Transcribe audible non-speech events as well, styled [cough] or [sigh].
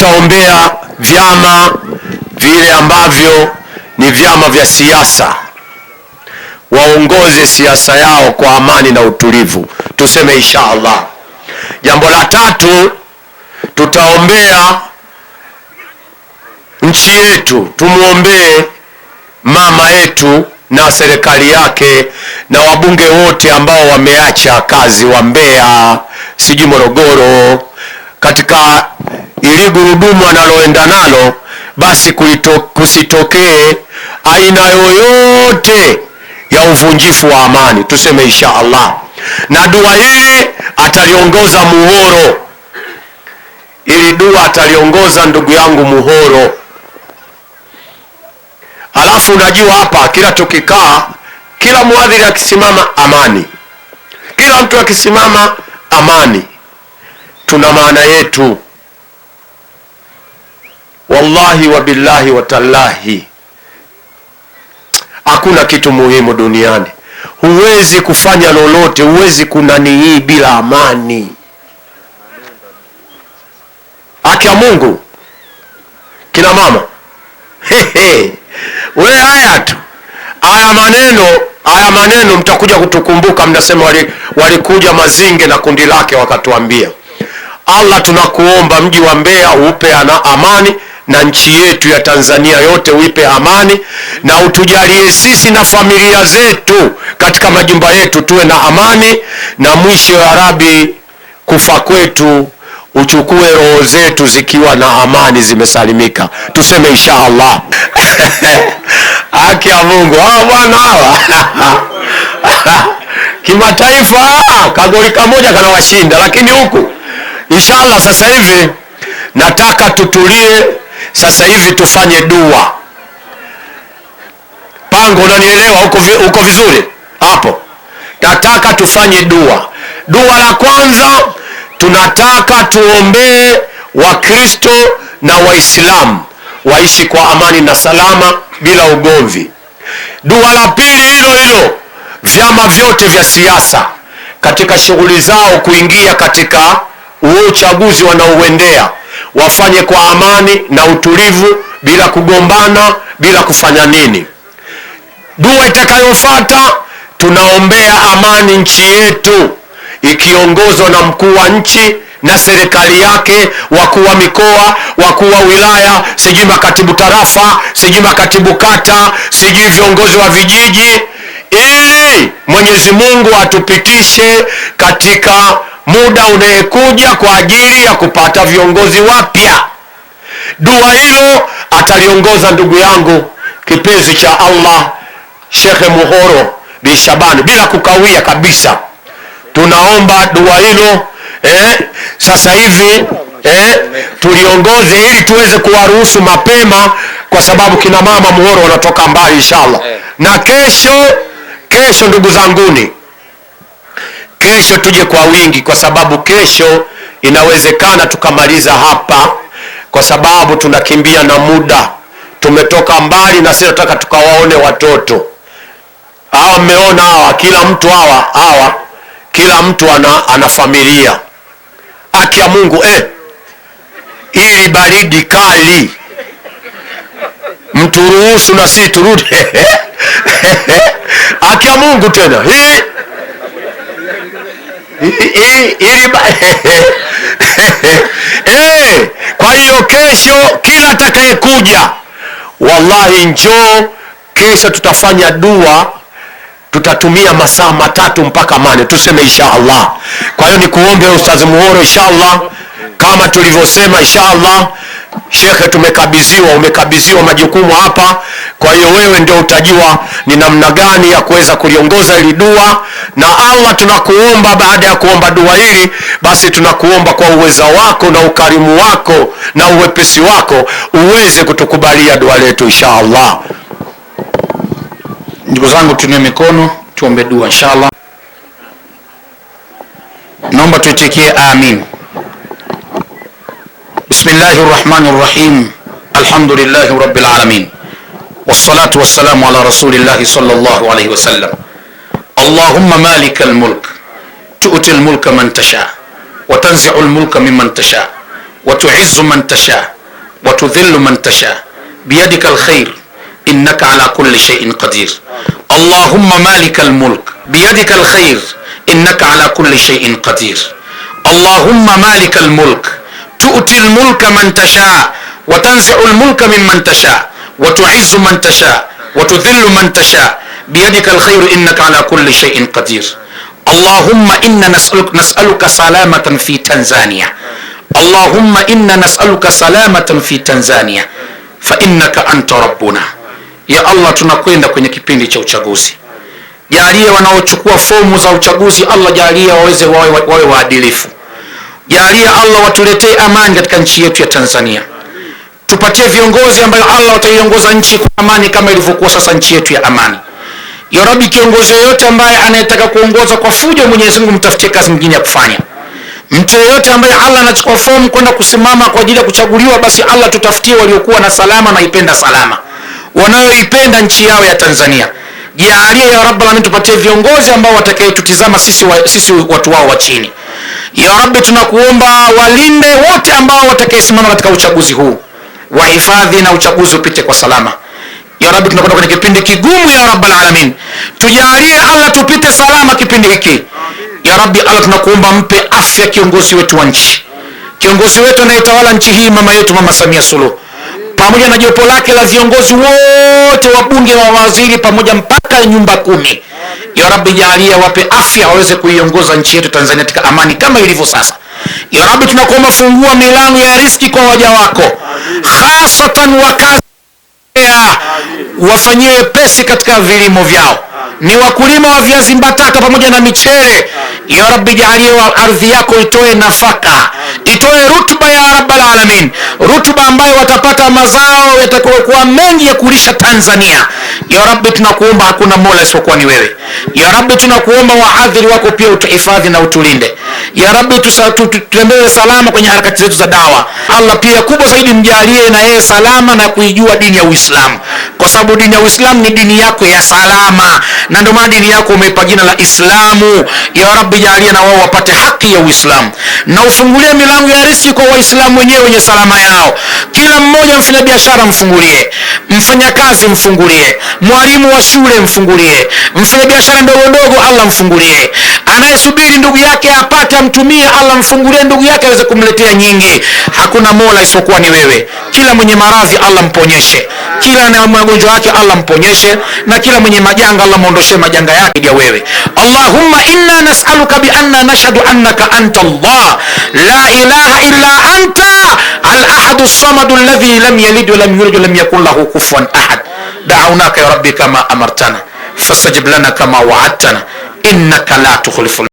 tutaombea vyama vile ambavyo ni vyama vya siasa waongoze siasa yao kwa amani na utulivu, tuseme insha Allah. Jambo la tatu, tutaombea nchi yetu, tumwombee mama yetu na serikali yake na wabunge wote ambao wameacha kazi wa Mbeya, sijui Morogoro, katika ili gurudumu analoenda nalo basi kusitokee aina yoyote ya uvunjifu wa amani, tuseme insha Allah. Na dua hili ataliongoza muhoro, ili dua ataliongoza ndugu yangu muhoro. Alafu unajua hapa, kila tukikaa, kila mwadhiri akisimama amani, kila mtu akisimama amani, tuna maana yetu Wallahi wa billahi wa tallahi, hakuna kitu muhimu duniani. Huwezi kufanya lolote, huwezi kunani hii bila amani. akya Mungu, kina mama We haya tu haya maneno haya maneno, mtakuja kutukumbuka, mnasema walikuja wali Mazinge na kundi lake wakatuambia. Allah, tunakuomba mji wa mbea upe ana amani na nchi yetu ya Tanzania yote uipe amani, na utujalie sisi na familia zetu katika majumba yetu tuwe na amani, na mwisho ya Rabi, kufa kwetu uchukue roho zetu zikiwa na amani zimesalimika, tuseme insha Allah. [laughs] Haki ya Mungu hawa bwana hawa [laughs] kimataifa, kagoli kamoja kanawashinda, lakini huku inshallah, sasa hivi nataka tutulie. Sasa hivi tufanye dua. Pango, unanielewa? Uko, vizuri hapo? Nataka tufanye dua. Dua la kwanza tunataka tuombee Wakristo na Waislamu waishi kwa amani na salama bila ugomvi. Dua la pili hilo hilo, vyama vyote vya siasa katika shughuli zao kuingia katika uchaguzi wanaouendea wafanye kwa amani na utulivu, bila kugombana, bila kufanya nini. Dua itakayofuata tunaombea amani nchi yetu ikiongozwa na mkuu wa nchi na serikali yake, wakuu wa mikoa, wakuu wa wilaya, sijui makatibu tarafa, sijui makatibu kata, sijui viongozi wa vijiji, ili Mwenyezi Mungu atupitishe katika muda unayekuja kwa ajili ya kupata viongozi wapya. Dua hilo ataliongoza ndugu yangu kipenzi cha Allah Shekhe Muhoro bin Shabani, bila kukawia kabisa. Tunaomba dua hilo eh, sasa hivi eh, tuliongoze ili tuweze kuwaruhusu mapema, kwa sababu kina mama Muhoro wanatoka mbali, inshallah. Na kesho kesho, ndugu zanguni Kesho tuje kwa wingi, kwa sababu kesho inawezekana tukamaliza hapa, kwa sababu tunakimbia na muda. Tumetoka mbali na sisi tunataka tukawaone watoto hawa. Mmeona hawa, kila mtu hawa hawa, kila mtu ana, ana familia. Haki ya Mungu eh, ili baridi kali mturuhusu na sisi turudi. [laughs] Haki ya Mungu tena hii [laughs] Eh, kwa hiyo kesho kila atakayekuja, wallahi njoo kesho, tutafanya dua tutatumia masaa matatu mpaka mane, tuseme insha Allah. Kwa hiyo ni Ustadhi Muhoro, insha Allah, kama tulivyosema, insha Allah Shekhe, tumekabidhiwa, umekabidhiwa majukumu hapa. Kwa hiyo wewe ndio utajua ni namna gani ya kuweza kuliongoza hili dua, na Allah tunakuomba, baada ya kuomba dua hili, basi tunakuomba kwa uweza wako na ukarimu wako na uwepesi wako uweze kutukubalia dua letu insha Allah. Ndugu zangu, tunie mikono tuombe dua insha Naomba tuitikie amin. بسم الله الرحمن الرحيم الحمد لله رب العالمين والصلاة والسلام على رسول الله صلى الله عليه وسلم اللهم مالك الملك تؤتي الملك من تشاء وتنزع الملك ممن تشاء وتعز من تشاء وتذل من تشاء بيدك الخير إنك على كل شيء قدير اللهم مالك الملك بيدك الخير إنك على كل شيء قدير اللهم مالك الملك تؤتي الملك من تشاء وتنزع الملك ممن تشاء وتعز من تشاء وتذل من تشاء بيدك الخير إنك على كل شيء قدير اللهم إنا نسألك, نسألك سلامة في تنزانيا اللهم إنا نسألك سلامة في تنزانيا فإنك أنت ربنا يا الله تنقوين kwenye kipindi cha uchaguzi jalia wanaochukua fomu za فومو زو jalia الله wawe waadilifu wa, wa, wa, wa Jaalia Allah watuletee amani katika nchi yetu ya Tanzania, tupatie viongozi ambayo Allah wataiongoza nchi kwa amani kama ilivyokuwa sasa nchi yetu ya amani. Ya Rabbi, kiongozi yoyote ambaye anayetaka kuongoza kwa fujo, Mwenyezi Mungu mtafutie kazi nyingine ya kufanya. Mtu yeyote ambaye Allah anachukua fomu kwenda kusimama kwa ajili ya kuchaguliwa, basi Allah tutafutie waliokuwa na salama naipenda salama, wanayoipenda nchi yao ya Tanzania. Jaalia ya Rabb alamin, tupatie viongozi ambao watakayetutizama sisi, wa, sisi watu wao wa chini. Ya Rabbi, tunakuomba walinde wote ambao watakayesimama katika uchaguzi huu, wahifadhi na uchaguzi upite kwa salama. Ya Rabbi, tunakwenda kwenye kipindi kigumu. Ya Rabb alamin, tujalie Allah tupite salama kipindi hiki. Ya Rabbi Allah, tunakuomba mpe afya kiongozi wetu wa nchi, kiongozi wetu anayetawala nchi hii, mama yetu Mama Samia Suluhu pamoja na jopo lake la viongozi wote wa bunge na mawaziri pamoja mpaka nyumba kumi. Ya Rabbi jalia wape afya waweze kuiongoza nchi yetu Tanzania katika amani kama ilivyo sasa. Ya Rabbi tunakuomba fungua milango ya riski kwa waja wako, hasatan wakazi wafanyie wepesi katika vilimo vyao ni wakulima wa viazi mbatata pamoja na michele. Ya Rabbi jalia wa ardhi yako itoe nafaka itoe rutuba ya rabbal alamin, rutuba ambayo watapata mazao yatakayokuwa mengi ya kulisha Tanzania. Ya Rabbi, tunakuomba hakuna mola isipokuwa ni wewe. Ya Rabbi, tunakuomba wahadhiri wako pia utuhifadhi na utulinde. Ya Rabbi, tutembee salama kwenye harakati zetu za dawa. Allah, pia kubwa zaidi, mjalie na yeye salama na kuijua dini ya Uislamu kwa sababu dini ya Uislamu ni dini yako ya salama, na ndio maana dini yako umeipa jina la Islamu. Ya Rabbi, jalia na wao wapate haki ya Uislamu na ufungulie milango ya riziki kwa Waislamu wenyewe wenye salama yao. Kila mmoja, mfanya biashara mfungulie, mfanya kazi mfungulie, mwalimu wa shule mfungulie, mfanya biashara ndogo ndogo, Allah mfungulie anayesubiri ndugu yake apate amtumie, Allah mfungulie ndugu yake aweze kumletea nyingi. Hakuna mola isipokuwa ni wewe. Kila mwenye maradhi Allah mponyeshe. kila anayeumwa magonjwa yake Allah mponyeshe, na kila mwenye majanga Allah mwondoshe majanga yake ya wewe. Allahumma inna nas'aluka bi anna nashhadu annaka anta Allah la ilaha illa anta al ahadu samadu samad alladhi lam yalid wa lam yulad wa lam yakul lahu kufuwan ahad. Da'awnaka ya rabbi kama amartana fasajib lana kama wa'adtana innaka la tukhlifu